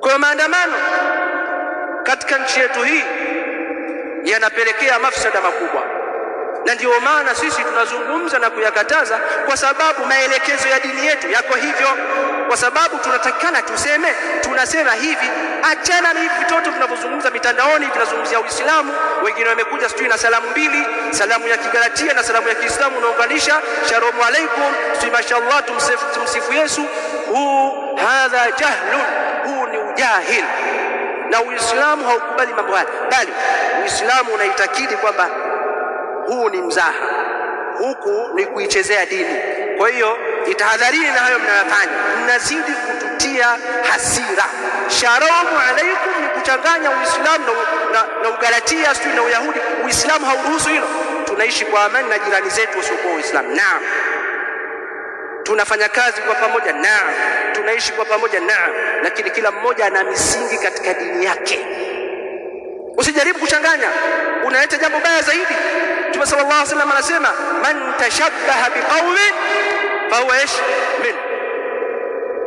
Kwa maandamano katika nchi yetu hii yanapelekea mafsada makubwa, na ndiyo maana sisi tunazungumza na kuyakataza, kwa sababu maelekezo ya dini yetu yako hivyo, kwa sababu tunatakikana tuseme, tunasema hivi. Achana na hivi vitoto vinavyozungumza mitandaoni, vinazungumzia Uislamu. Wengine wamekuja sijui na salamu mbili, salamu ya Kigalatia na salamu ya Kiislamu unaunganisha, shalom alaikum, sijui mashallah, tumsifu Yesu. Huu hadha jahlun jahil, na Uislamu haukubali mambo haya, bali Uislamu unaitakidi kwamba huu ni mzaha, huku ni kuichezea dini. Kwa hiyo itahadharini na hayo mnayofanya, mnazidi kututia hasira. Sharamu alaikum ni kuchanganya Uislamu na, na, na Ugalatia sijui na Uyahudi. Uislamu hauruhusu hilo. Tunaishi kwa amani na jirani zetu wasiokuwa uislamu Naam tunafanya kazi kwa pamoja na tunaishi kwa pamoja na, lakini kila mmoja ana misingi katika dini yake. Usijaribu kuchanganya, unaleta jambo baya zaidi. Mtume sallallahu alaihi wasallam anasema man tashabbaha biqaumin fahuwa ish min,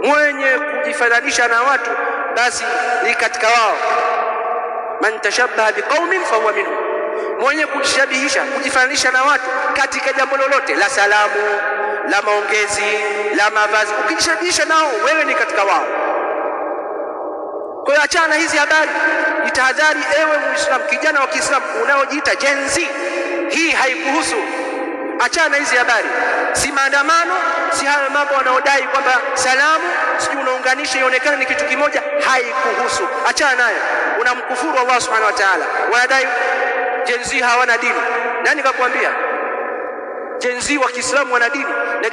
mwenye kujifananisha na watu basi ni katika wao. Man tashabbaha biqaumin fahuwa minhu mwenye kujishabihisha kujifananisha na watu katika jambo lolote la salamu, la maongezi, la mavazi, ukijishabihisha nao wewe ni katika wao. Kwa hiyo achana hizi habari, jitahadhari ewe Muislamu, kijana wa Kiislamu unaojiita Gen Z, hii haikuhusu. Achana hizi habari, si maandamano, si hayo mambo wanaodai kwamba salamu sijui unaunganisha ionekane ni kitu kimoja. Haikuhusu, achana nayo, unamkufuru Allah subhanahu wa taala. Wanadai jenzi hawana dini. Nani kakwambia? jenzi wa Kiislamu wana dini na dini